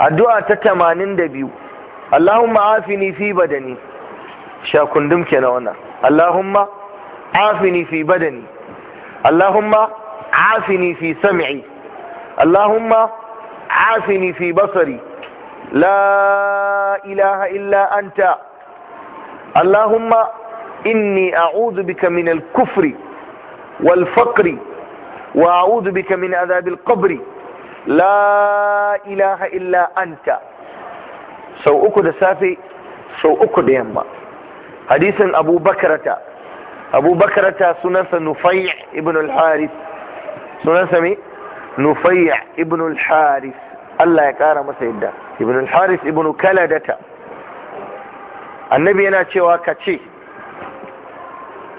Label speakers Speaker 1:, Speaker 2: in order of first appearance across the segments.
Speaker 1: addu'a ta 82 Allahumma afini fi badani sha kundum ke na wannan Allahumma afini fi badani Allahumma afini fi sam'i Allahumma afini fi basari la ilaha illa anta Allahumma inni a'udhu bika min al-kufri wal faqri wa a'udhu bika min adhabil qabri la ilaha illa anta sau uku da safe sau uku da yamma hadisin abu bakarata abu bakarata sunansa nufai ibn al-haris sunansa me nufai ibn al-haris Allah ya ƙara masa yadda ibn al-haris ibn kaladata annabi yana cewa ka ce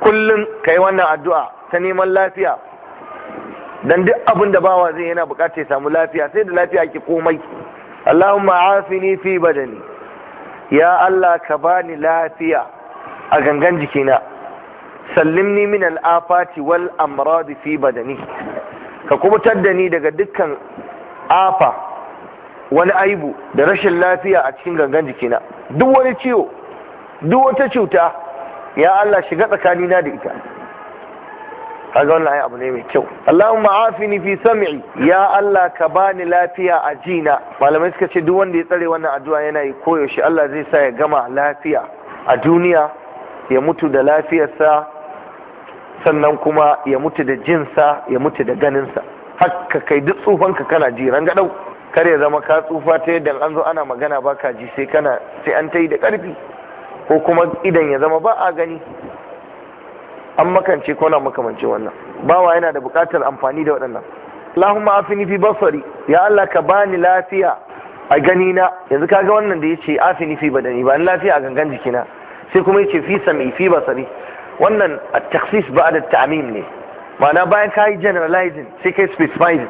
Speaker 1: kullum ka yi wannan addu'a ta neman lafiya dan duk abin da bawa zai yana bukata ya samu lafiya sai da lafiya ake komai Allahumma afini fi badani ya Allah ka bani lafiya a gangan jikina sallimni min al'afati wal amradi fi badani ka kubutar da ni daga dukkan afa wani aibu da rashin lafiya a cikin gangan jikina duk wani ciwo duk wata cuta ya Allah shiga tsakanina da ita kaga wannan ayi abu ne mai kyau Allahumma afini fi sam'i ya Allah ka bani lafiya a jina malamai suka ce duk wanda ya tsare wannan addu'a yana yi koyaushe Allah zai sa ya gama lafiya a duniya ya mutu da lafiyarsa sannan kuma ya mutu da jinsa ya mutu da ganinsa hakka kai duk tsufanka kana ji rangadau kar ya zama ka tsufa ta yadda an zo ana magana baka ji sai kana sai an ta yi da karfi ko kuma idan ya zama ba a gani an makance ko na makamance wannan bawa yana da buƙatar amfani da waɗannan Allahumma afini fi basari ya Allah ka bani lafiya a gani na yanzu kaga wannan da yace afini fi badani ba lafiya a gangan jikina sai kuma yace fi sami fi basari wannan at-takhsis ba'da da tamim ne ma'ana bayan kai generalizing sai kai specifying